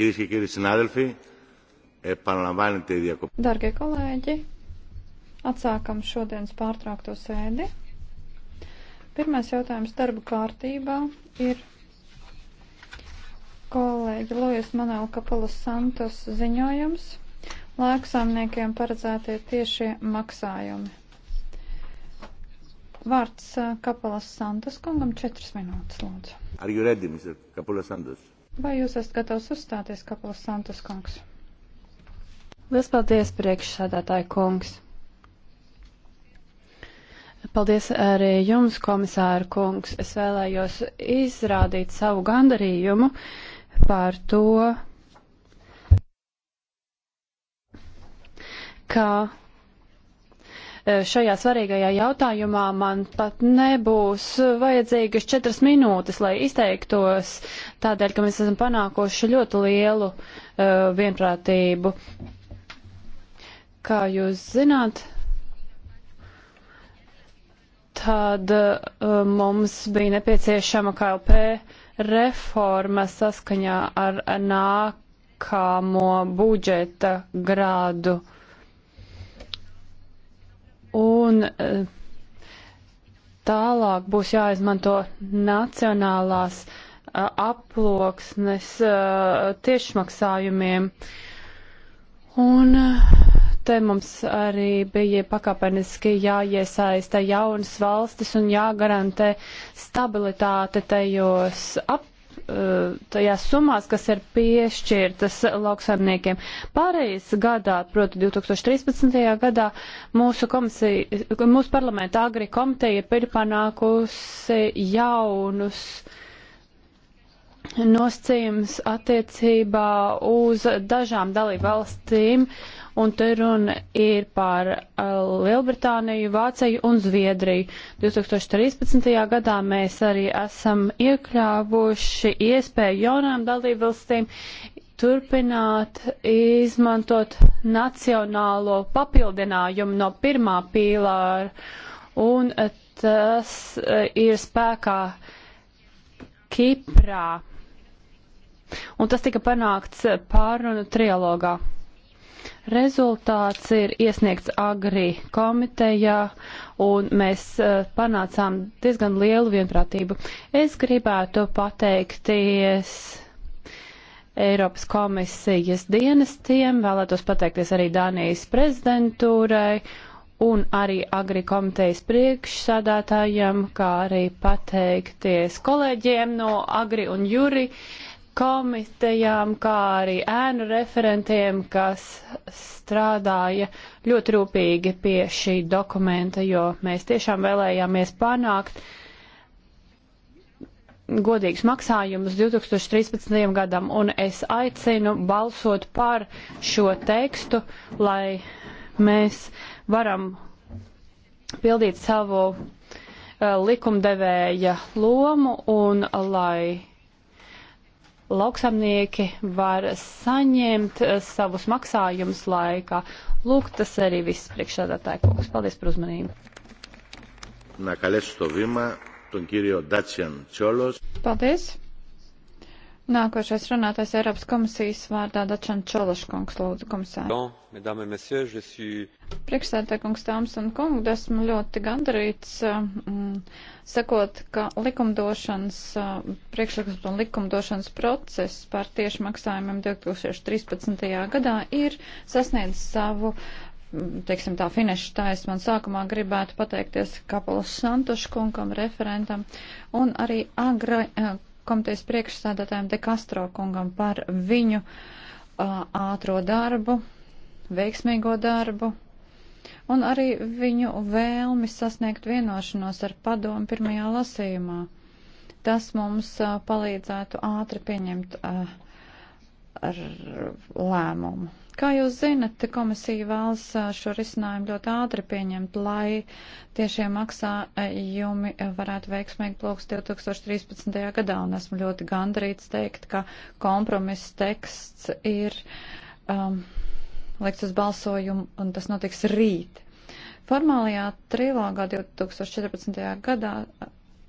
Κυρίες και κύριοι συνάδελφοι, επαναλαμβάνεται η διακοπή. Dargie kolēģi, atsākam šodienas pārtraukto sēdi. Pirmais jautājums darba kārtībā ir kolēģi Lojas Manuela Kapalas Santos ziņojums - lēksaimniekiem paredzētie tiešie maksājumi. Vārds eh, Kapalas Santos kungam četras minūtes, lūdzu. Are you ready, Mr. Kapalas Santos? Vai jūs esat gatavs uzstāties, Kapels Santos kungs? Lielas paldies, priekšsādātāja kungs! Paldies arī jums, komisāra kungs. Es vēlējos izrādīt savu gandarījumu par to, ka E, šajā svarīgajā jautājumā man pat nebūs vajadzīgas četras minūtes, lai izteiktos, tādēļ, ka mēs esam panākuši ļoti lielu uh, vienprātību. Kā jūs zināt, tad uh, mums bija nepieciešama KLP reforma saskaņā ar nākamo budžeta grādu. Uh, un eh, tālāk būs jāizmanto nacionālās eh, aploksnes eh, tiešmaksājumiem. Un te mums arī bija pakāpeniski jāiesaista jaunas valstis un jāgarantē stabilitāte tajos ap tajās summās, kas ir piešķirtas lauksaimniekiem. Pārējais gadā, proti 2013. gadā, mūsu, komisija, mūsu parlamenta agri komiteja ir panākusi jaunus nosacījums attiecībā uz dažām dalību valstīm. Uh, un te runa ir par uh, Lielbritāniju, Vāciju un Zviedriju. 2013. gadā mēs arī esam iekļāvuši iespēju jaunām dalībvalstīm turpināt izmantot nacionālo papildinājumu no pirmā pīlāra, un uh, tas uh, ir spēkā Kiprā. Un tas tika panākts pārunu trialogā. Rezultāts ir iesniegts agri komitejā, un mēs uh, panācām diezgan lielu vienprātību. Es gribētu pateikties Eiropas komisijas dienestiem, vēlētos pateikties arī Dānijas prezidentūrai un arī agri komitejas priekšsādātājiem, kā arī pateikties kolēģiem no agri un juri. Uh, komitejām, kā arī ēnu referentiem, kas strādāja ļoti rūpīgi pie šī dokumenta, jo mēs tiešām vēlējāmies panākt godīgs maksājums 2013. gadam, un es aicinu balsot par šo tekstu, lai mēs varam pildīt savu eh, likumdevēja lomu un lai lauksamnieki var saņemt eh, savus maksājumus laikā. Lūk, tas arī viss priekšsādātāja kungs. Paldies par uzmanību. Paldies. Nākošais runātais Eiropas komisijas vārdā Dačan Čološkungs, lūdzu, komisāri. Priekšsēdētāj, kungs Tāms un kungi, esmu ļoti gandarīts, mm, sakot, ka likumdošanas, mm, priekšlikums un likumdošanas process par tieši maksājumiem 2013. gadā ir sasniedzis savu mm, teiksim tā, finiša taisnu. Un sākumā gribētu pateikties Kapalas Santuškunkam, referentam, un arī agri eh, komitejas priekšsādātājiem De Castro kungam par viņu uh, ātro darbu, veiksmīgo darbu un arī viņu vēlmi sasniegt vienošanos ar padomu pirmajā lasījumā. Tas mums uh, palīdzētu ātri pieņemt uh, lēmumu. Kā jūs zinat, komisija vēlas šo risinājumu ļoti ātri pieņemt, lai tiešie maksājumi varētu veiksmīgi plūks 2013. gadā, un esmu ļoti gandarīts teikt, ka kompromiss teksts ir um, liks uz balsojumu, un tas notiks rīt. Formālajā trilogā 2014. gadā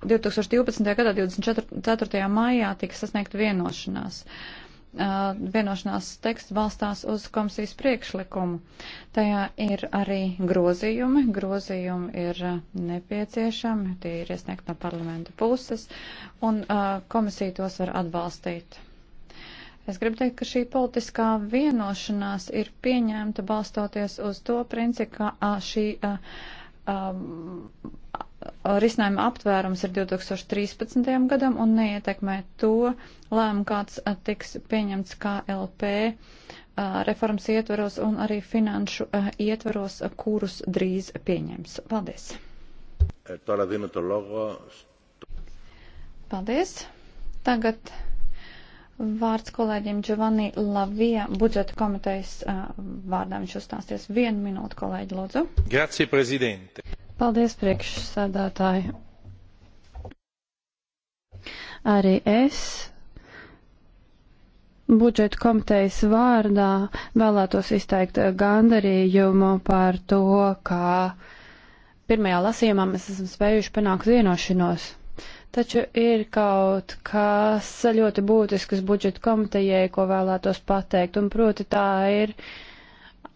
2012. gadā 24. maijā tika sasniegta vienošanās. Uh, Uh, vienošanās teksts balstās uz komisijas priekšlikumu. Tajā ir arī grozījumi. Grozījumi ir uh, nepieciešami, tie ir iesniegti no parlamenta puses, un uh, komisija tos var atbalstīt. Es gribu teikt, ka šī politiskā vienošanās ir pieņemta balstoties uz to principu, ka šī. A, a, um, risinājuma aptvērums ir 2013. gadam un neietekmē to lēmumu, kāds tiks pieņemts KLP reformas ietvaros un arī finanšu ietvaros, kurus drīz pieņems. Paldies! Eh, Paldies! Tagad vārds kolēģiem Giovanni Lavija budžeta komitejas vārdā. Viņš uzstāsies vienu minūtu, kolēģi, lūdzu. Grazie, prezidente! Paldies, priekšsēdētāji. Arī es budžeta komitejas vārdā vēlētos izteikt gandarījumu par to, ka pirmajā lasījumā mēs esam spējuši panākt vienošanos. Taču ir kaut kas ļoti būtisks budžeta komitejai, ko vēlētos pateikt, un proti tā ir uh,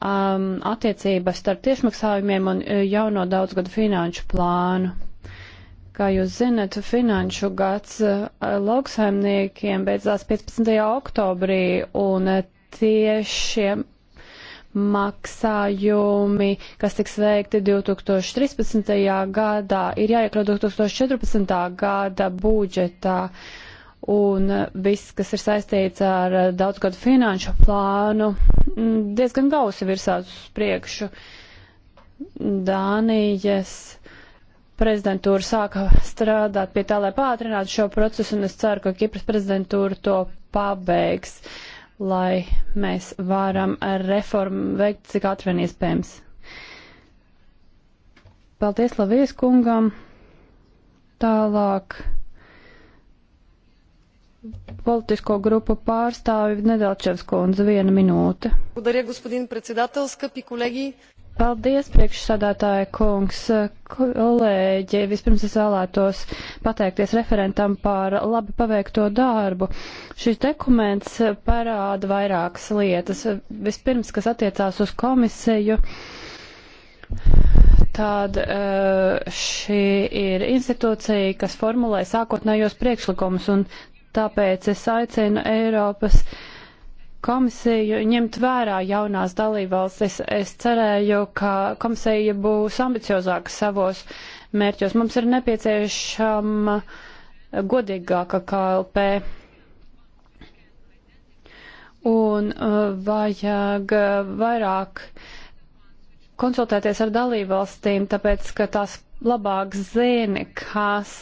um, attiecības starp tiešmaksājumiem un uh, jauno daudzgadu finanšu plānu. Kā jūs zinat, finanšu gads uh, lauksaimniekiem beidzās 15. oktobrī un uh, tiešie maksājumi, kas tiks veikti 2013. gadā, ir jāiekļaut 2014. gada budžetā. Uh, un eh, viss, kas ir saistīts ar eh, daudzgadu finanšu plānu, mm, diezgan gausi virsās uz priekšu. Dānijas prezidentūra sāka strādāt pie tā, lai pātrinātu šo procesu, un es ceru, ka Kipras prezidentūra to pabeigs, lai mēs varam reformu veikt cik atvien iespējams. Paldies Lavijas kungam. Tālāk politisko grupu pārstāvi Nedelčevs kundze, viena minūte. Paldies, priekšsādātāja kungs, kolēģi. Vispirms es vēlētos pateikties referentam par labi paveikto darbu. Šis dokuments parāda vairākas lietas. Vispirms, kas attiecās uz komisiju, tad eh, šī ir institūcija, kas formulē sākotnējos priekšlikumus, un Tāpēc es aicinu Eiropas komisiju ņemt vērā jaunās dalībvalstis. Es cerēju, ka komisija būs ambiciozāka savos mērķos. Mums ir nepieciešama godīgāka KLP. Un uh, vajag uh, vairāk konsultēties ar dalībvalstīm, tāpēc, ka tās labāk zina, kas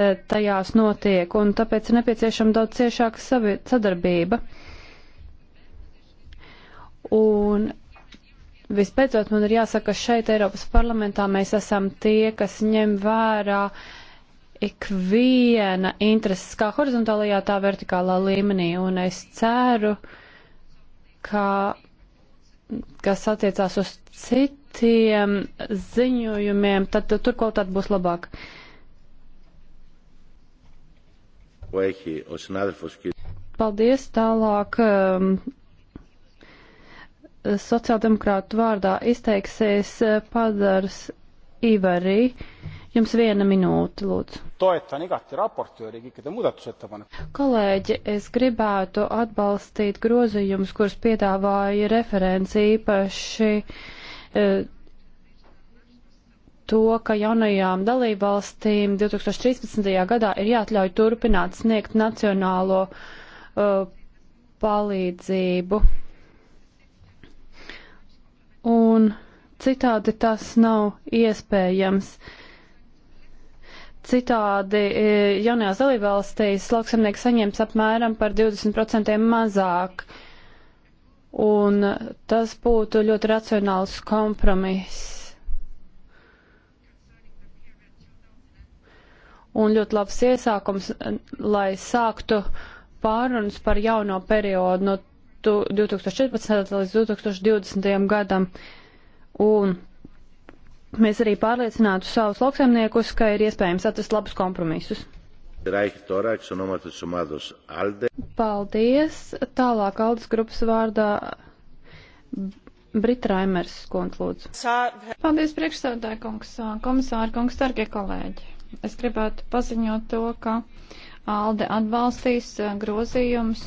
E, tajās notiek, un tāpēc ir nepieciešama daudz ciešāka sadarbība. Un vispēcot man ir jāsaka, ka šeit Eiropas parlamentā mēs esam tie, kas ņem vērā ikviena intereses kā horizontālajā, tā vertikālā līmenī, un es ceru, ka, kas attiecās uz citiem ziņojumiem, tad tur kaut tad būs labāk. Uh, που έχει ο συνάδελφος κ. Paldies tālāk. Um, Sociāldemokrātu vārdā izteiksies uh, padars Ivari. Jums viena minūte, lūdzu. Toetan igati raportööri kõikide muudatusettepanekute. Kolēģi, es gribētu atbalstīt grozījumus, kurus piedāvāja referenci īpaši uh, to, ka jaunajām dalībvalstīm 2013. gadā ir jāatļauj turpināt sniegt nacionālo uh, palīdzību. Un citādi tas nav iespējams. Citādi eh, jaunajās dalībvalstīs lauksamnieks saņems apmēram par 20% mazāk. Un tas būtu ļoti racionāls kompromiss. un ļoti labs iesākums, eh, lai sāktu pārunas par jauno periodu no 2014. līdz 2020. gadam. Un mēs arī pārliecinātu savus lauksaimniekus, ka ir iespējams atrast labus kompromisus. Paldies! Tālāk Aldis grupas vārdā Brita Raimers, skundz lūdzu. Paldies, priekšsēdētāji kungs, komisāri kungs, dargie kolēģi. Es gribētu paziņot to, ka ALDE atbalstīs eh, grozījums,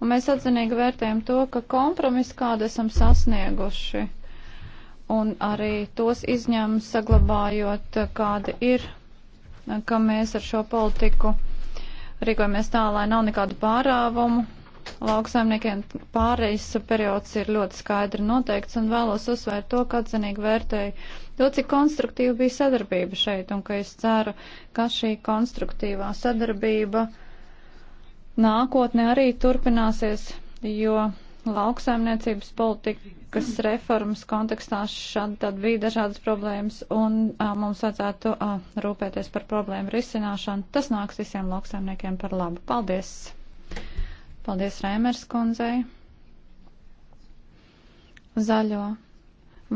un mēs atzinīgi vērtējam to, ka kompromis, kādu esam sasnieguši, un arī tos izņēmumu saglabājot, eh, kādi ir, eh, ka mēs ar šo politiku rīkojamies tā, lai nav nekādu pārāvumu, lauksaimniekiem pārejas periods ir ļoti skaidri noteikts un vēlos uzsvērt to, ka atzinīgi vērtēju to, cik konstruktīva bija sadarbība šeit un ka es ceru, ka šī konstruktīvā sadarbība nākotnē arī turpināsies, jo lauksaimniecības politikas reformas kontekstā šādi tad bija dažādas problēmas, un a, mums vajadzētu a, rūpēties par problēmu risināšanu. Tas nāks visiem lauksaimniekiem par labu. Paldies! Paldies Rēmers kundzei. Zaļo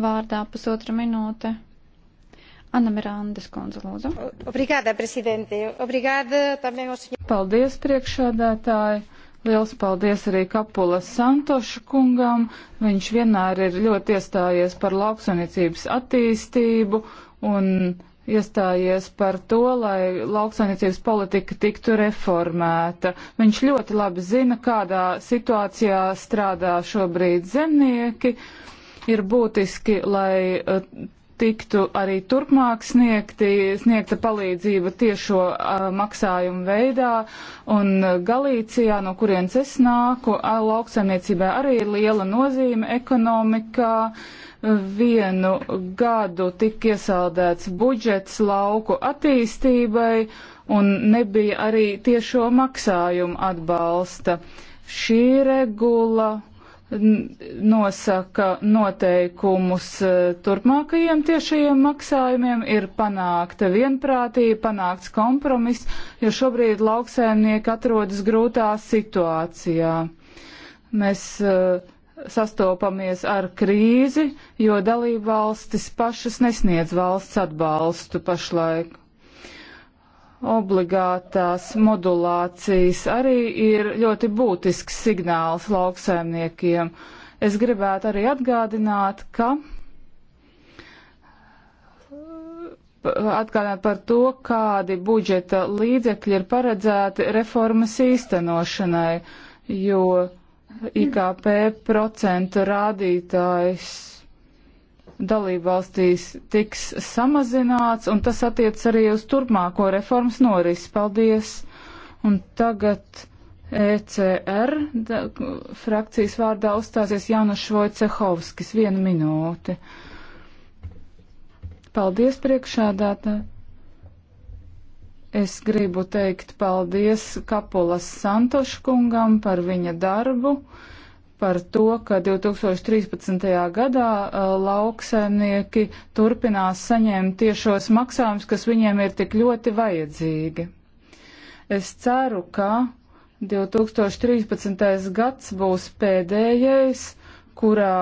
vārdā pusotra minūte. Anna Mirandes kundze, lūdzu. Obrigāda, prezidente. Obrigāda, también os... Paldies, priekšādātāji. Liels paldies arī Kapulas Santoša kungam. Viņš vienmēr ir ļoti iestājies par lauksanicības attīstību un iestājies par to, lai lauksainiecības politika tiktu reformēta. Viņš ļoti labi zina, kādā situācijā strādā šobrīd zemnieki. Ir būtiski, lai eh, tiktu arī turpmāk sniegti, sniegta palīdzība tiešo a, eh, maksājumu veidā, un eh, Galīcijā, no kurienes es nāku, lauksaimniecībai arī ir liela nozīme ekonomikā, vienu gadu tika iesaldēts budžets lauku attīstībai un nebija arī tiešo maksājumu atbalsta. Šī regula nosaka noteikumus e, turpmākajiem tiešajiem maksājumiem, ir panākta vienprātība, panākts kompromiss, jo šobrīd lauksēmnieki atrodas grūtā situācijā. Mēs uh, sastopamies ar krīzi, jo dalība valstis pašas nesniedz valsts atbalstu pašlaik. Obligātās modulācijas arī ir ļoti būtisks signāls lauksaimniekiem. Es gribētu arī atgādināt, ka atgādināt par to, kādi budžeta līdzekļi ir paredzēti reformas īstenošanai, jo IKP procentu rādītājs dalībvalstīs tiks samazināts, un tas attiec arī uz turpmāko reformas norisi. Paldies! Un tagad ECR da, frakcijas vārdā uzstāsies Jānis Švojcehovskis. Vienu minūti. Paldies priekšādātāji! Es gribu teikt paldies Kapulas Santoškungam par viņa darbu, par to, ka 2013. gadā lauksaimnieki turpinās saņemt tiešos maksājumus, kas viņiem ir tik ļoti vajadzīgi. Es ceru, ka 2013. gads būs pēdējais, kurā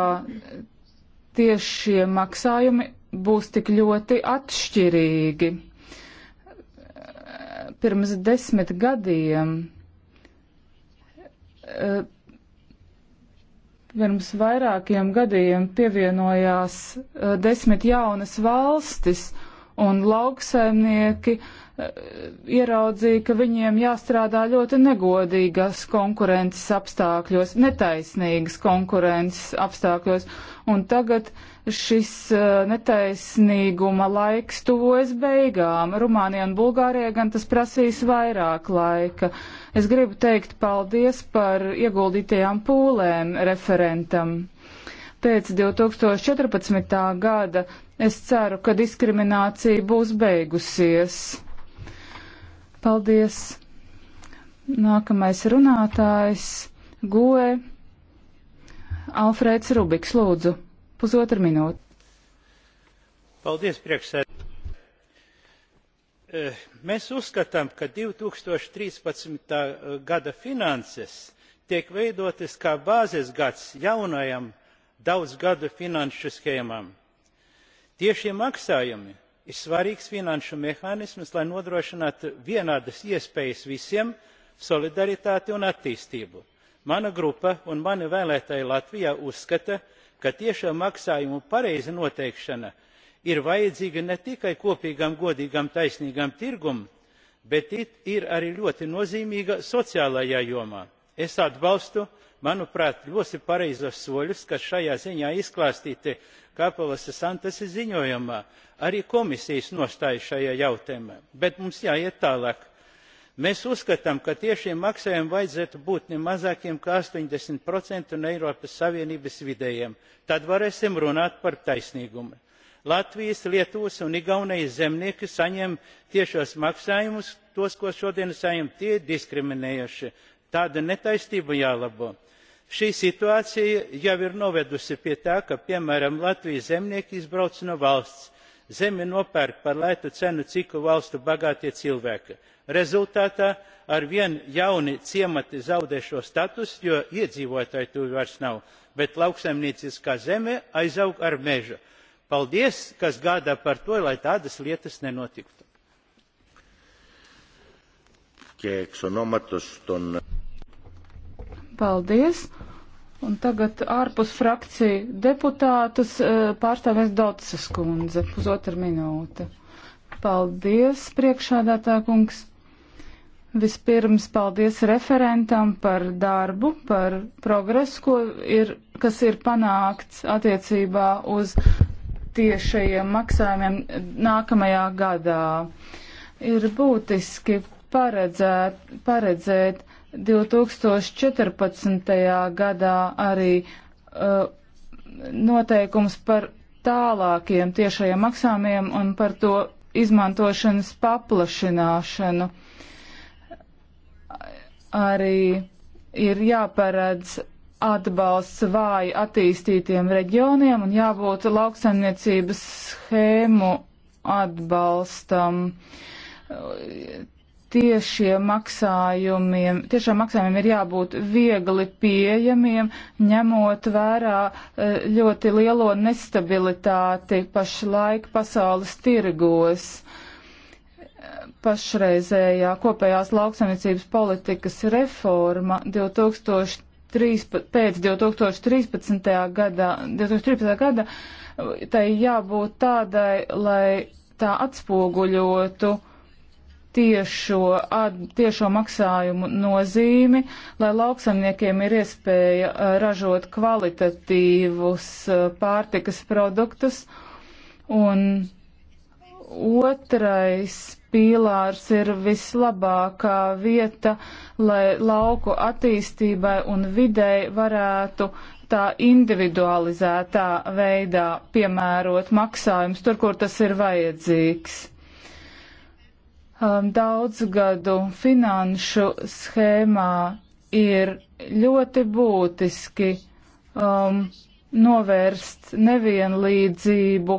tieši šie maksājumi būs tik ļoti atšķirīgi pirms desmit gadiem, e, pirms vairākiem gadiem pievienojās e, desmit jaunas valstis un lauksaimnieki eh, ieraudzīja, ka viņiem jāstrādā ļoti negodīgas konkurences apstākļos, netaisnīgas konkurences apstākļos, un tagad šis eh, netaisnīguma laiks tuvojas beigām. Rumānijā un Bulgārijā gan tas prasīs vairāk laika. Es gribu teikt paldies par ieguldītajām pūlēm referentam pēc 2014. gada es ceru, ka diskriminācija būs beigusies. Paldies! Nākamais runātājs - Goe Alfrēds Rubiks, lūdzu, pusotru minūti. Paldies, priekšsēdētāji! Eh, mēs uzskatām, ka 2013. Eh, gada finanses tiek veidotas kā bāzes gads jaunajam daudzgadu finanšu schēmām. tiešie maksājumi ir svarīgs finanšu mehānisms lai nodrošinātu vienādas iespējas visiem solidaritāti un attīstību. mana grupa un mani vēlētāji latvijā uzskata ka tiešo maksājumu pareiza noteikšana ir vajadzīga ne tikai kopīgam godīgam taisnīgam tirgum bet ir arī ļoti nozīmīga sociālajā jomā. es atbalstu manuprāt ļoti pareizos soļus kas šajā ziņā izklāstīti kapelas santas ziņojumā arī komisijas nostāja šajā jautājumā bet mums jāiet tālāk. mēs uzskatām ka tiešiem maksājumiem vajadzētu būt ne mazākiem kā astoņdesmit no eiropas savienības vidējiem tad varēsim runāt par taisnīgumu. latvijas lietuvas un igaunijas zemnieki saņem tiešos maksājumus tos ko šodien saņem tie ir diskriminējoši. tāda netaisnība jālabo. Šī situācija jau ir novedusi pie tā, ka, piemēram, Latvijas zemnieki izbrauc no valsts, zemi nopērk par lētu cenu ciku valstu bagātie cilvēki. Rezultātā ar vien jauni ciemati zaudē šo status, jo iedzīvotāji tu vairs nav, bet lauksaimnieciskā zeme aizaug ar mežu. Paldies, kas gādā par to, lai tādas lietas nenotiktu. Paldies! Un tagad ārpus frakciju deputātus eh, pārstāvēs Dotsas kundze, pusotra minūte. Paldies, priekšādātā kungs. Vispirms paldies referentam par darbu, par progresu, ko ir, kas ir panākts attiecībā uz tiešajiem maksājumiem nākamajā gadā. Ir būtiski paredzēt, paredzēt 2014. gadā arī uh, noteikums par tālākiem tiešajiem maksājumiem un par to izmantošanas paplašināšanu. Arī ir jāparedz atbalsts vāji attīstītiem reģioniem un jābūt lauksaimniecības schēmu atbalstam tiešiem maksājumiem, tiešām maksājumiem ir jābūt viegli pieejamiem, ņemot vērā e, ļoti lielo nestabilitāti pašlaik pasaules tirgos. Pašreizējā kopējās lauksaimniecības politikas reforma 2013, pēc 2013. gada, 2013. gada, tai jābūt tādai, lai tā atspoguļotu uh, tiešo, at, tiešo maksājumu nozīmi, lai lauksamniekiem ir iespēja ražot kvalitatīvus pārtikas produktus. Un otrais pīlārs ir vislabākā vieta, lai lauku attīstībai un videi varētu tā individualizētā veidā piemērot maksājumus tur, kur tas ir vajadzīgs um, daudzgadu finanšu schēmā ir ļoti būtiski um, novērst nevienlīdzību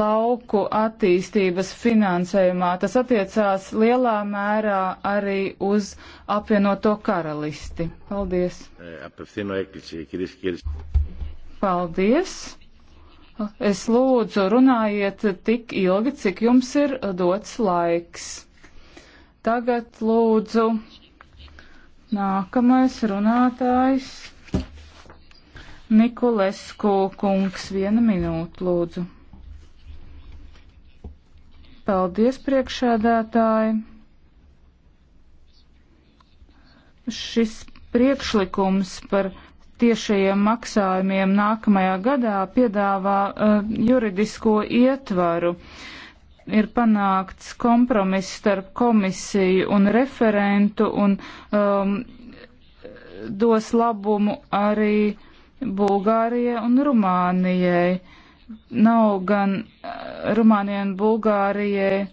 lauku attīstības finansējumā. Tas attiecās lielā mērā arī uz apvienoto karalisti. Paldies! Paldies! Es lūdzu, runājiet tik ilgi, cik jums ir dots laiks. Tagad lūdzu nākamais runātājs Nikolesku kungs. Viena minūte, lūdzu. Paldies, priekšādātāji. Šis priekšlikums par tiešajiem maksājumiem nākamajā gadā piedāvā uh, juridisko ietvaru. Uh, ir panākts kompromiss starp komisiju un referentu un um, dos labumu arī Bulgārijai un Rumānijai. Nav gan eh, Rumānijai un Bulgārijai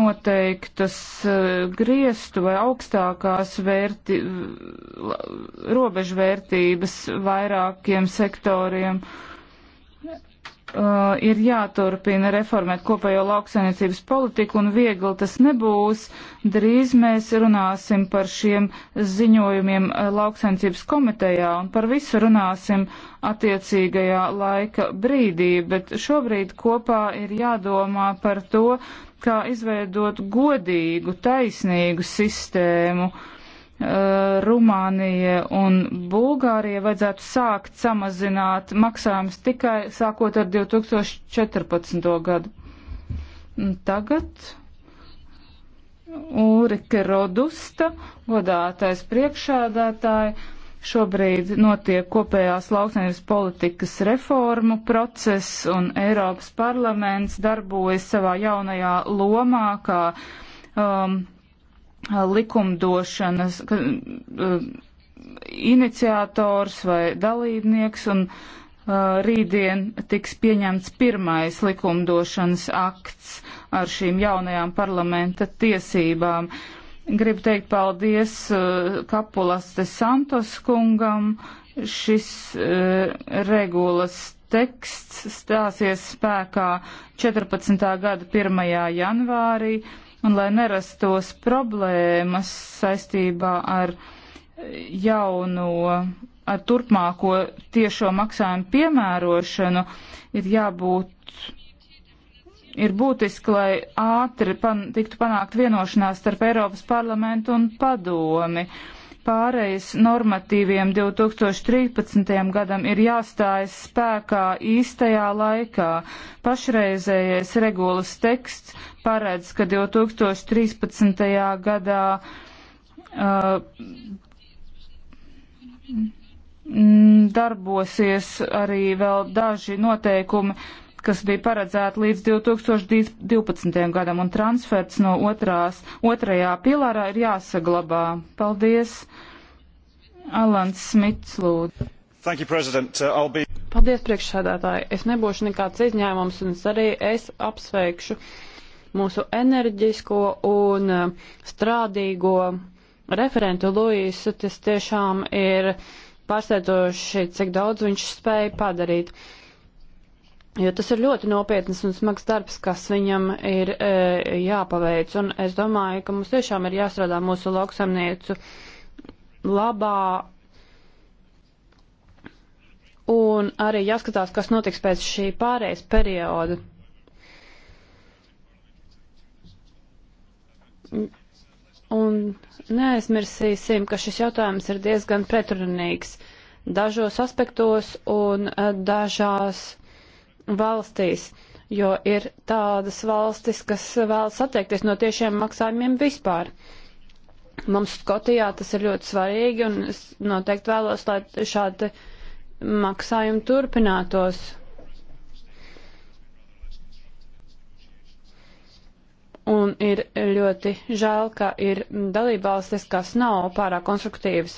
noteiktas uh, griestu vai augstākās vērti, robežvērtības vairākiem sektoriem. Uh, uh, ir jāturpina reformēt kopējo lauksainiecības politiku, un viegli tas nebūs. Drīz mēs runāsim par šiem ziņojumiem uh, lauksainiecības komitejā un par visu runāsim attiecīgajā laika brīdī, bet šobrīd kopā ir jādomā par to, kā izveidot godīgu, taisnīgu sistēmu. Uh, Uh, Rumānija un Bulgārija vajadzētu sākt samazināt maksājumus tikai sākot ar 2014. gadu. Tagad Ulrike Rodusta, godātais priekšādātāji, šobrīd notiek kopējās lauksaimnības politikas reformu process un Eiropas parlaments darbojas savā jaunajā lomā kā um, likumdošanas ka, eh, iniciators vai dalībnieks, un eh, rītdien tiks pieņemts pirmais likumdošanas akts ar šīm jaunajām parlamenta tiesībām. Gribu teikt paldies eh, Kapulas te Santos kungam. Šis regulas teksts stāsies spēkā 14. gada 1. janvārī un lai nerastos problēmas saistībā ar jauno, ar turpmāko tiešo maksājumu piemērošanu, ir jābūt, ir būtiski, lai ātri pan, tiktu panākt vienošanās starp Eiropas parlamentu un padomi. Pārējais normatīviem 2013. gadam ir jāstājas spēkā īstajā laikā. Pašreizējais regulas teksts paredz, ka 2013. gadā uh, darbosies arī vēl daži noteikumi, kas bija paredzēti līdz 2012. gadam, un transferts no otrās, otrajā pilārā ir jāsaglabā. Paldies, Alans Smits, lūdzu. Thank you, President. Uh, I'll be... Paldies, priekšsēdētāji. Es nebūšu nekāds izņēmums, un es arī es apsveikšu mūsu enerģisko un eh, strādīgo referentu Luisu. Tas tiešām ir pārsteidzoši, cik daudz viņš spēja padarīt. Jo tas ir ļoti nopietnas un smags darbs, kas viņam ir e, jāpaveic. Un es domāju, ka mums tiešām ir jāstrādā mūsu lauksamniecu labā. Un arī jāskatās, kas notiks pēc šī pārējais perioda. Un neaizmirsīsim, ka šis jautājums ir diezgan pretrunīgs dažos aspektos un e, dažās valstīs, jo ir tādas valstis, kas vēlas atteikties no tiešiem maksājumiem vispār. Mums Skotijā tas ir ļoti svarīgi un es noteikti vēlos, lai šādi maksājumi turpinātos. un ir ļoti žēl, ka ir dalībvalstis, kas nav pārāk konstruktīvas,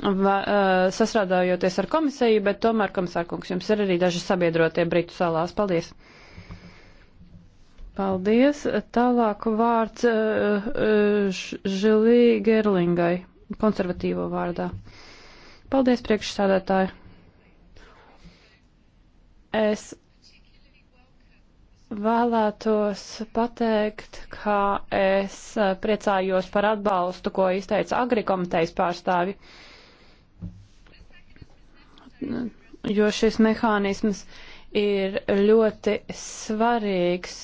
va, eh, sasrādājoties ar komisiju, bet tomēr, komisārkungs, jums ir arī daži sabiedrotie Britu salās. Paldies! Paldies! Tālāk vārds eh, eh, Žilī Gerlingai, konservatīvo vārdā. Paldies, priekšsādātāji! Es Vēlētos pateikt, ka es eh, priecājos par atbalstu, ko izteica agrikomitejas pārstāvi, jo šis mehānisms ir ļoti svarīgs.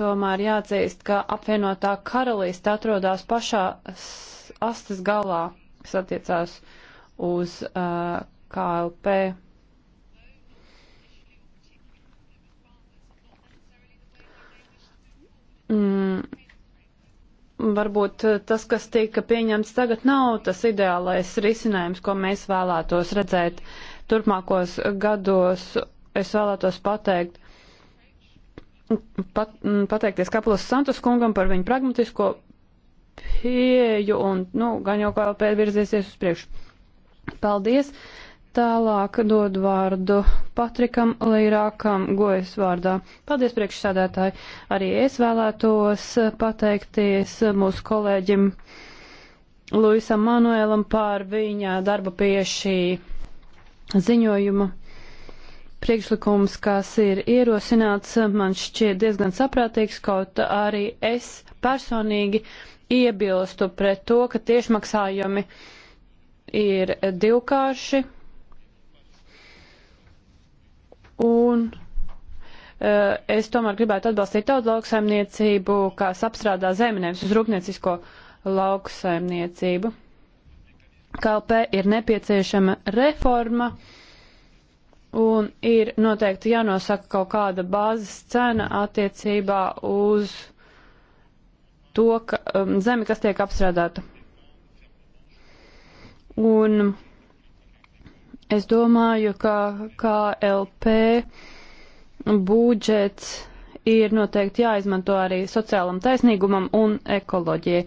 Tomēr jāatzīst, ka apvienotā karalīste atrodas pašā astes galā, kas attiecās uz uh, eh, KLP. mm, varbūt eh, tas, kas tika pieņemts tagad, nav tas ideālais risinājums, ko mēs vēlētos redzēt turpmākos gados. Es vēlētos pateikt, pat, mm, pateikties Kaplus Santos kungam par viņu pragmatisko pieju un, nu, gan jau kā vēl pēd virzīsies uz priekšu. Paldies! Tālāk dod vārdu Patrikam Līrākam gojas vārdā. Paldies priekšsādātāji. Arī es vēlētos pateikties mūsu kolēģim Luisam Manuēlam par viņa darbu pie šī ziņojuma. Priekšlikums, kas ir ierosināts, man šķiet diezgan saprātīgs, kaut arī es personīgi iebilstu pret to, ka tiešmaksājumi ir divkārši Un uh, es tomēr gribētu atbalstīt tautu lauksaimniecību, kas apstrādā zemi, nevis uz rūpniecisko lauksaimniecību. KLP ir nepieciešama reforma un ir noteikti jānosaka kaut kāda bāzes cena attiecībā uz to ka, um, zemi, kas tiek apstrādāta. Un Es domāju, ka KLP budžets ir noteikti jāizmanto arī sociālam taisnīgumam un ekoloģijai.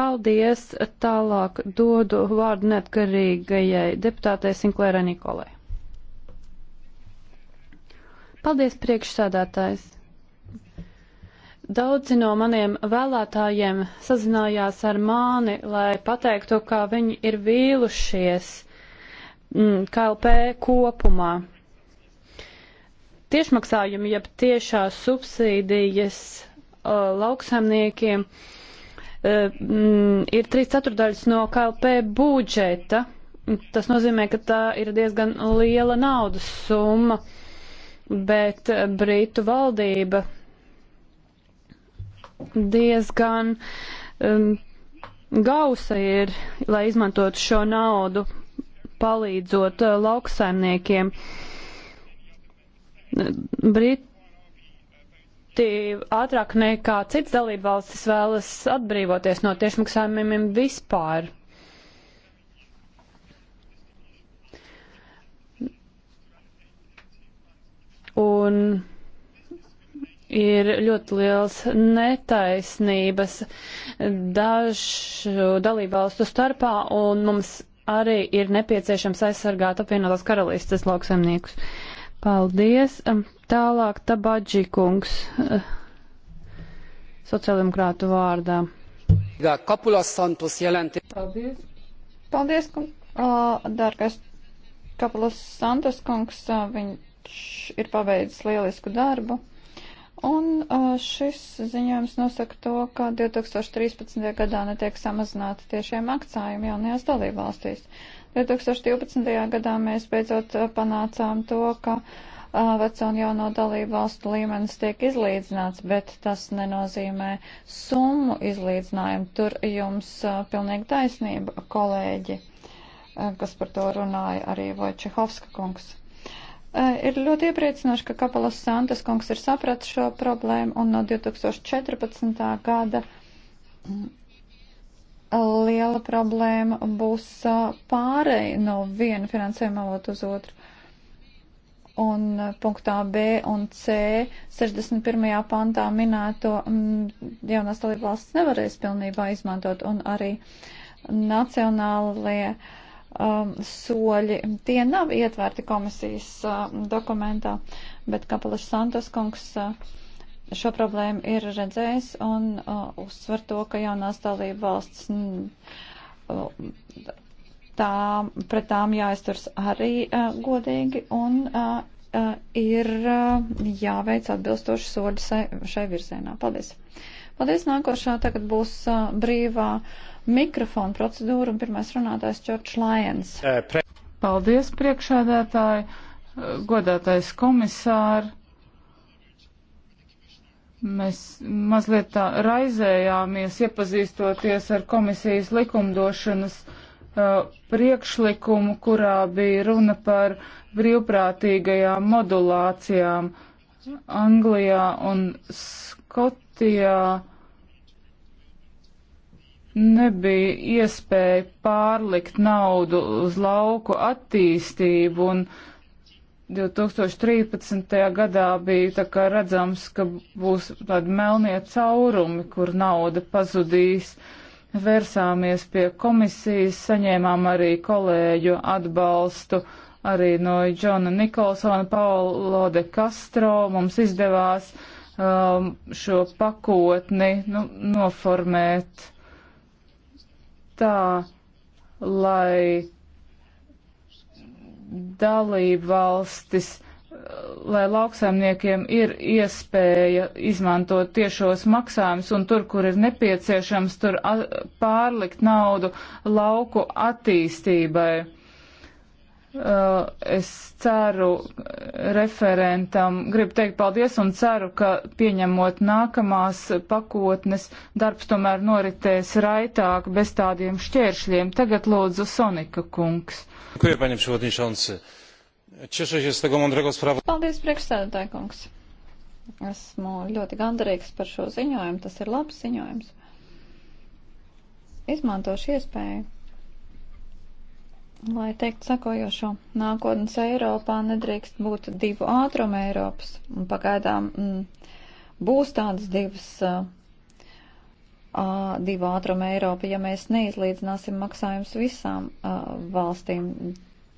Paldies! Tālāk dodu vārdu neatkarīgajai deputātei Sinklērai Nikolai. Paldies, priekšsādātājs! Daudzi no maniem vēlētājiem sazinājās ar mani, lai pateiktu, kā viņi ir vīlušies Mm, KLP kopumā. Tiešmaksājumi, jeb tiešās subsīdijas uh, lauksaimniekiem uh, mm, ir 3 ceturdaļas no KLP budžeta. Tas nozīmē, ka tā ir diezgan liela naudas summa, bet uh, Brītu valdība diezgan um, gausa ir, lai izmantotu šo naudu palīdzot uh, lauksaimniekiem. Briti ātrāk nekā cits dalībvalstis vēlas atbrīvoties no tiešmaksājumiem vispār. Un ir ļoti liels netaisnības dažu dalībvalstu starpā, un mums arī ir nepieciešams aizsargāt apvienotās karalistes lauksaimniekus. Paldies. Tālāk Tabadži kungs eh, sociāldemokrātu vārdā. Kapulas Santos jelenti. Paldies. Paldies, uh, dārgais Kapulas Santos kungs. Uh, viņš ir paveicis lielisku darbu. Un šis ziņojums nosaka to, ka 2013. gadā netiek samazināti tiešie maksājumi jaunajās dalībvalstīs. 2012. gadā mēs beidzot panācām to, ka veco un jauno dalībvalstu līmenis tiek izlīdzināts, bet tas nenozīmē summu izlīdzinājumu. Tur jums pilnīgi taisnība, kolēģi, kas par to runāja arī Vojčehovska kungs. Eh, ir ļoti iepriecinoši, ka Kapalas Santas kungs ir sapratis šo problēmu un no 2014. gada mm, liela problēma būs eh, pārēj no viena finansējuma avota uz otru. Un eh, punktā B un C 61. pantā minēto mm, jaunās dalībvalstis nevarēs pilnībā izmantot un arī nacionālie uh, um, soļi, tie nav ietverti komisijas uh, dokumentā, bet Kapelis Santos kungs uh, šo problēmu ir redzējis un uh, uzsver to, ka jaunās dalība valsts. Mm, uh, Tā, pret tām jāizturs arī uh, godīgi un uh, uh, ir uh, jāveic atbilstoši soļi šai, šai virzienā. Paldies! Paldies, nākošā tagad būs uh, brīvā mikrofona procedūra un pirmais runātājs Čorčs Lajens. Paldies, priekšēdētāji, godātais komisāri. Mēs mazliet tā raizējāmies, iepazīstoties ar komisijas likumdošanas uh, priekšlikumu, kurā bija runa par brīvprātīgajām modulācijām Anglijā un Skotijā Skotijā nebija iespēja pārlikt naudu uz lauku attīstību un 2013. gadā bija tā kā redzams, ka būs tādi melnie caurumi, kur nauda pazudīs. Vērsāmies pie komisijas, saņēmām arī kolēģu atbalstu arī no Džona Nikolsona, Paolo de Castro mums izdevās uh, um, šo pakotni nu, noformēt tā, lai dalībvalstis, lai lauksaimniekiem ir iespēja izmantot tiešos maksājumus un tur, kur ir nepieciešams, tur pārlikt naudu lauku attīstībai. Uh, es ceru referentam, gribu teikt paldies un ceru, ka pieņemot nākamās pakotnes, darbs tomēr noritēs raitāk bez tādiem šķēršļiem. Tagad lūdzu Sonika kungs. Paldies, priekšstādātāja kungs. Esmu ļoti gandarīgs par šo ziņojumu. Tas ir labs ziņojums. Izmantošu iespēju lai teikt sakojošo, nākotnes Eiropā nedrīkst būt divu ātrumu Eiropas, un pagaidām m, mm, būs tādas divas uh, divu ātrumu Eiropa, ja mēs neizlīdzināsim maksājumus visām uh, valstīm,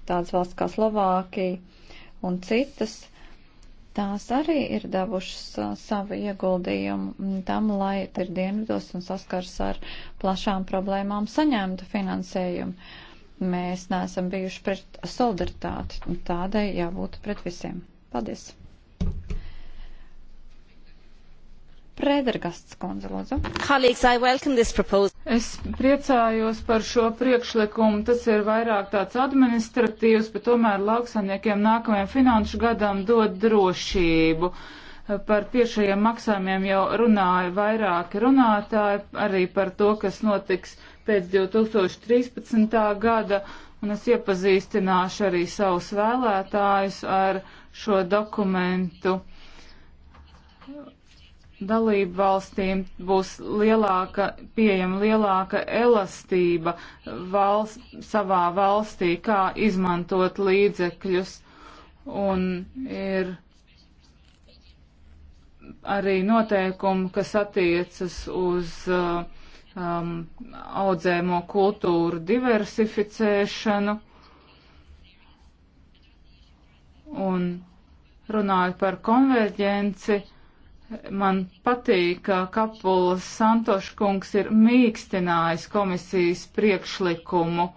tādas valsts kā Slovākija un citas. Tās arī ir devušas uh, savu ieguldījumu tam, lai ir dienvidos un saskars ar plašām problēmām saņemtu finansējumu. Uh, mēs neesam bijuši pret solidaritāti, un tādai jābūt pret visiem. Paldies! Prēdergasts kundze, lūdzu. Es priecājos par šo priekšlikumu. Tas ir vairāk tāds administratīvs, bet tomēr lauksaimniekiem nākamajam finanšu gadam dod drošību. Par tiešajiem maksājumiem jau runāja vairāki runātāji, arī par to, kas notiks pēc 2013. gada, un es iepazīstināšu arī savus vēlētājus ar šo dokumentu. Dalību valstīm būs lielāka, pieejama lielāka elastība valst, savā valstī, kā izmantot līdzekļus, un ir arī noteikumi, kas attiecas uz uh, um, audzēmo kultūru diversificēšanu. Un runājot par konverģenci, man patīk, ka Kapulas Santoškungs ir mīkstinājis komisijas priekšlikumu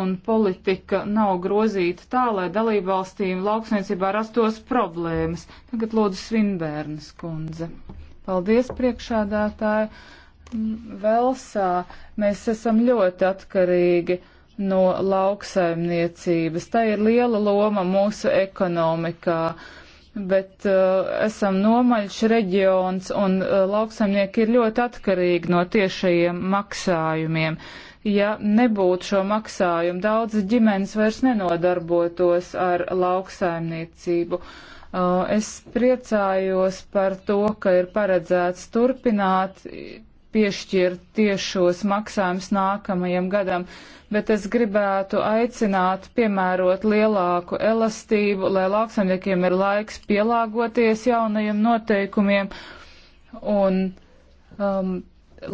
un politika nav grozīta tā, lai dalībvalstīm lauksniecībā rastos problēmas. Tagad lūdzu Svinbērnas kundze. Paldies priekšādātāji. Velsā mēs esam ļoti atkarīgi no lauksaimniecības. Tā ir liela loma mūsu ekonomikā, bet uh, esam nomaļš reģions un uh, lauksaimnieki ir ļoti atkarīgi no tiešajiem maksājumiem. Ja nebūtu šo maksājumu, daudz ģimenes vairs nenodarbotos ar lauksaimniecību. Uh, Es priecājos par to, ka ir paredzēts turpināt piešķirt tiešos maksājumus nākamajam gadam, bet es gribētu aicināt piemērot lielāku elastību, lai lauksaimniekiem ir laiks pielāgoties jaunajiem noteikumiem un um,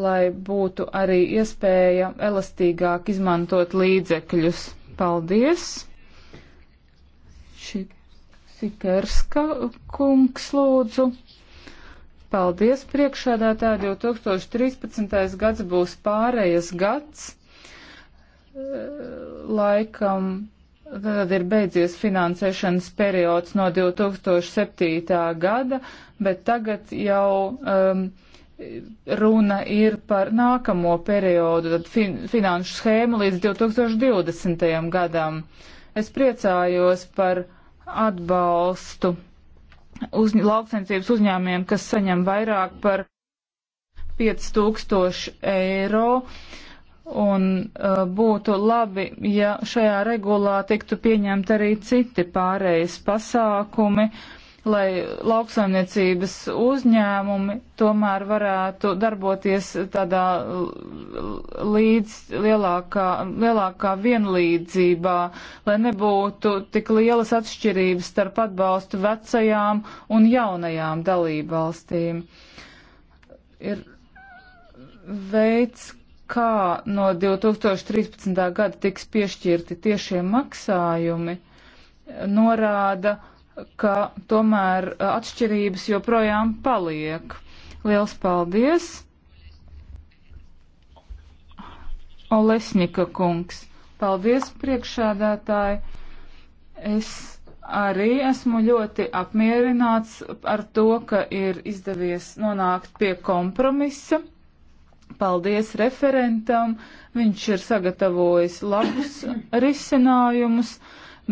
lai būtu arī iespēja elastīgāk izmantot līdzekļus. Paldies! Šī Sikerska kungs lūdzu. Paldies, priekšādātā. 2013. gads būs pārējas gads. Eh, laikam tad ir beidzies finansēšanas periods no 2007. gada, bet tagad jau um, runa ir par nākamo periodu, tad fin finanšu schēmu līdz 2020. gadam. Es priecājos par atbalstu uz, lauksaimniecības uzņēmiem, kas saņem vairāk par 5000 eiro. Un uh, būtu labi, ja šajā regulā tiktu pieņemti arī citi pārējais pasākumi, uh, lai lauksaimniecības uzņēmumi tomēr varētu darboties tādā līdz lielākā, lielākā vienlīdzībā, lai nebūtu tik lielas atšķirības starp atbalstu vecajām un jaunajām dalībvalstīm. Ir veids, kā no 2013. gada tiks piešķirti tiešie maksājumi, norāda, ka tomēr uh, atšķirības joprojām paliek. Liels paldies! Olesņika kungs. Paldies, priekšādātāji. Es arī esmu ļoti apmierināts ar to, ka ir izdevies nonākt pie kompromisa. Paldies referentam. Viņš ir sagatavojis labus risinājumus.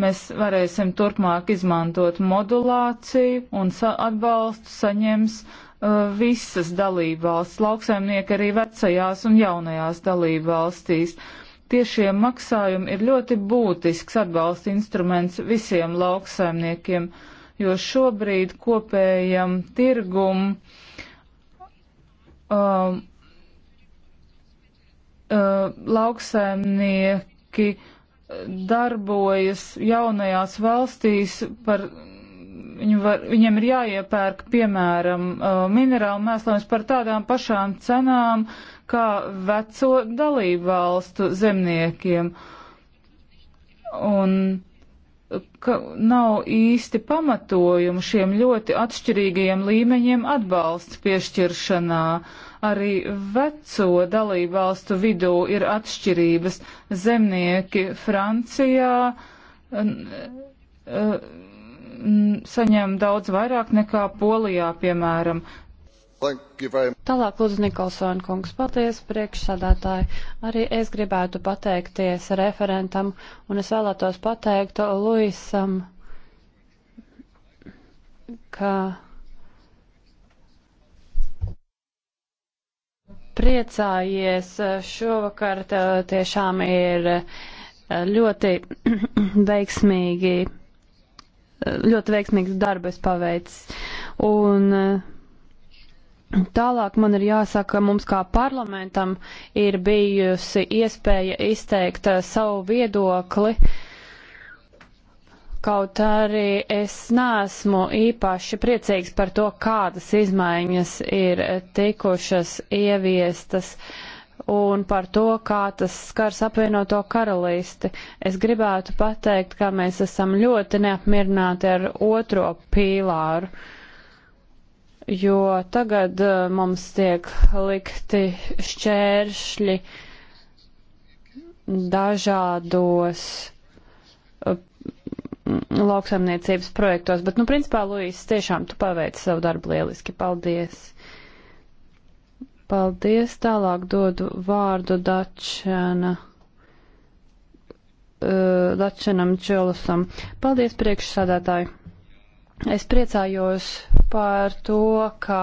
Mēs varēsim turpmāk izmantot modulāciju un sa atbalstu saņems uh, visas dalībvalsts, lauksaimnieki arī vecajās un jaunajās dalībvalstīs. Tiešie maksājumi ir ļoti būtisks atbalsta instruments visiem lauksaimniekiem, jo šobrīd kopējam tirgum um, uh, lauksaimnieki darbojas jaunajās valstīs par. Viņu var, viņiem ir jāiepērk, piemēram, uh, minerālu mēslojums par tādām pašām cenām, kā veco dalību valstu zemniekiem. Un ka nav īsti pamatojumu šiem ļoti atšķirīgajiem līmeņiem atbalsts piešķiršanā. Uh, Arī veco dalībvalstu vidū ir atšķirības. Zemnieki Francijā e, saņem daudz vairāk nekā Polijā, piemēram. Tālāk, Lūdzu, Nikolsona kungs, paldies priekšsādātāji. Arī es gribētu pateikties referentam, un es vēlētos pateikt Luisam, ka priecājies. Eh, šovakar eh, tiešām ir eh, ļoti veiksmīgi, ļoti veiksmīgs darbs paveicis. Un tālāk man ir jāsaka, mums kā parlamentam ir bijusi iespēja izteikt savu viedokli. Uh, Kaut arī es neesmu īpaši priecīgs par to, kādas izmaiņas ir tikušas ieviestas un par to, kā tas skars apvienoto karalisti. Es gribētu pateikt, ka mēs esam ļoti neapmierināti ar otro pīlāru, jo tagad uh, mums tiek likti šķēršļi dažādos lauksaimniecības projektos. Bet, nu, principā, Luīs, tiešām tu paveici savu darbu lieliski. Paldies! Paldies! Tālāk dodu vārdu Dačana. Uh, Dačanam Čelusam. Paldies, priekšsādātāji! Es priecājos par to, ka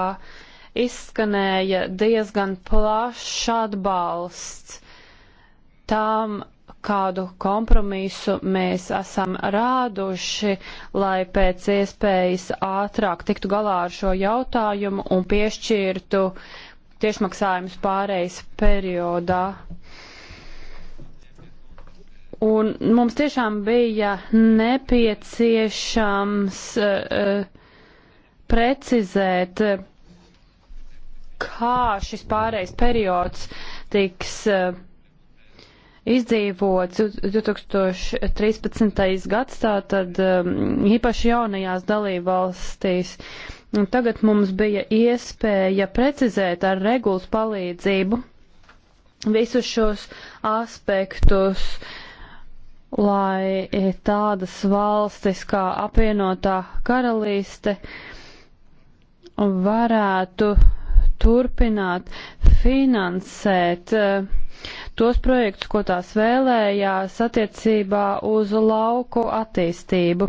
izskanēja diezgan plašs atbalsts tām kādu kompromisu mēs esam rāduši, lai pēc iespējas ātrāk tiktu galā ar šo jautājumu un piešķirtu tiešmaksājumus pārejas periodā. Un mums tiešām bija nepieciešams uh, precizēt, eh, kā šis pārejas periods tiks uh, izdzīvots 2013. gads, tātad um, īpaši jaunajās dalībvalstīs. Un tagad mums bija iespēja precizēt ar regulas palīdzību visus šos aspektus, lai tādas valstis kā apvienotā karalīste varētu turpināt finansēt uh, tos projektus, ko tās vēlējās attiecībā uz lauku attīstību.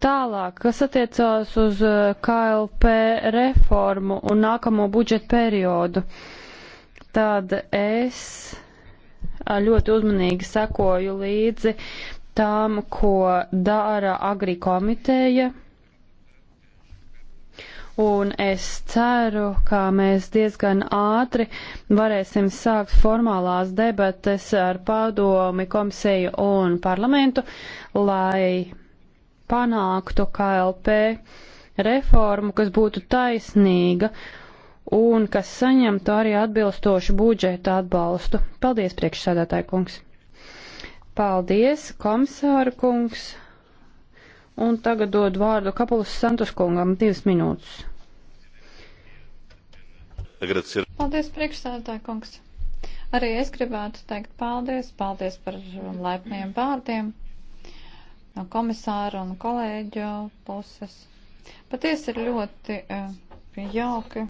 Tālāk, kas attiecās uz eh, KLP reformu un nākamo budžetu periodu, tad es ļoti uzmanīgi sekoju līdzi tām, ko dara agri komiteja un es ceru, ka mēs diezgan ātri varēsim sākt formālās debates ar padomi, komisiju un parlamentu, lai panāktu KLP reformu, kas būtu taisnīga un kas saņemtu arī atbilstošu budžeta atbalstu. Paldies, priekšsādātāja kungs! Paldies, komisāra kungs! Un tagad dod vārdu Kapulas Santos kungam divas minūtes. Paldies, priekšsēdētāji kungs. Arī es gribētu teikt paldies, paldies par laipniem vārdiem no komisāra un kolēģu puses. Patiesi ir ļoti eh, jauki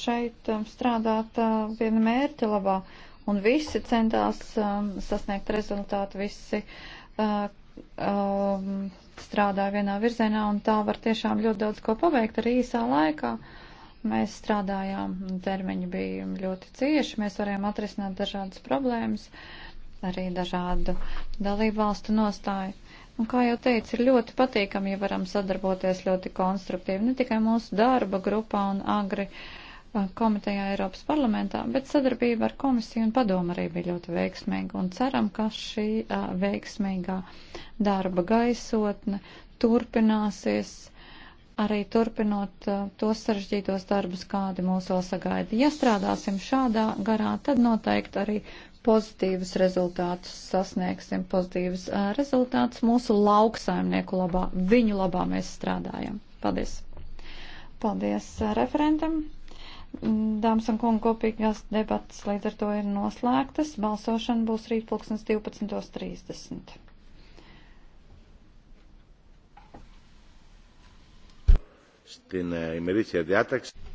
šeit eh, strādāt eh, viena mērķa labā, un visi centās sasniegt rezultātu, visi um, strādāja vienā virzienā, un tā var tiešām ļoti daudz ko paveikt arī īsā laikā. Mēs strādājām, termiņi bija ļoti cieši, mēs varējām atrisināt dažādas problēmas, arī dažādu dalību valstu nostāju. Un, kā jau teicu, ir ļoti patīkami, ja varam sadarboties ļoti konstruktīvi, ne tikai mūsu darba grupā un agri. Uh, komitejā Eiropas parlamentā, bet sadarbība ar komisiju un padomu arī bija ļoti veiksmīga un ceram, ka šī uh, veiksmīgā darba gaisotne turpināsies arī turpinot uh, tos sarežģītos darbus, kādi mūs vēl sagaida. Ja strādāsim šādā garā, tad noteikti arī pozitīvas rezultātus sasniegsim, pozitīvas uh, rezultātus mūsu lauksaimnieku labā, viņu labā mēs strādājam. Paldies! Paldies uh, referentam! Dāmas un kungi, kopīgās debatas līdz ar to ir noslēgtas. Balsošana būs rīt pulkstens 12.30. Στην ημερήσια διάταξη.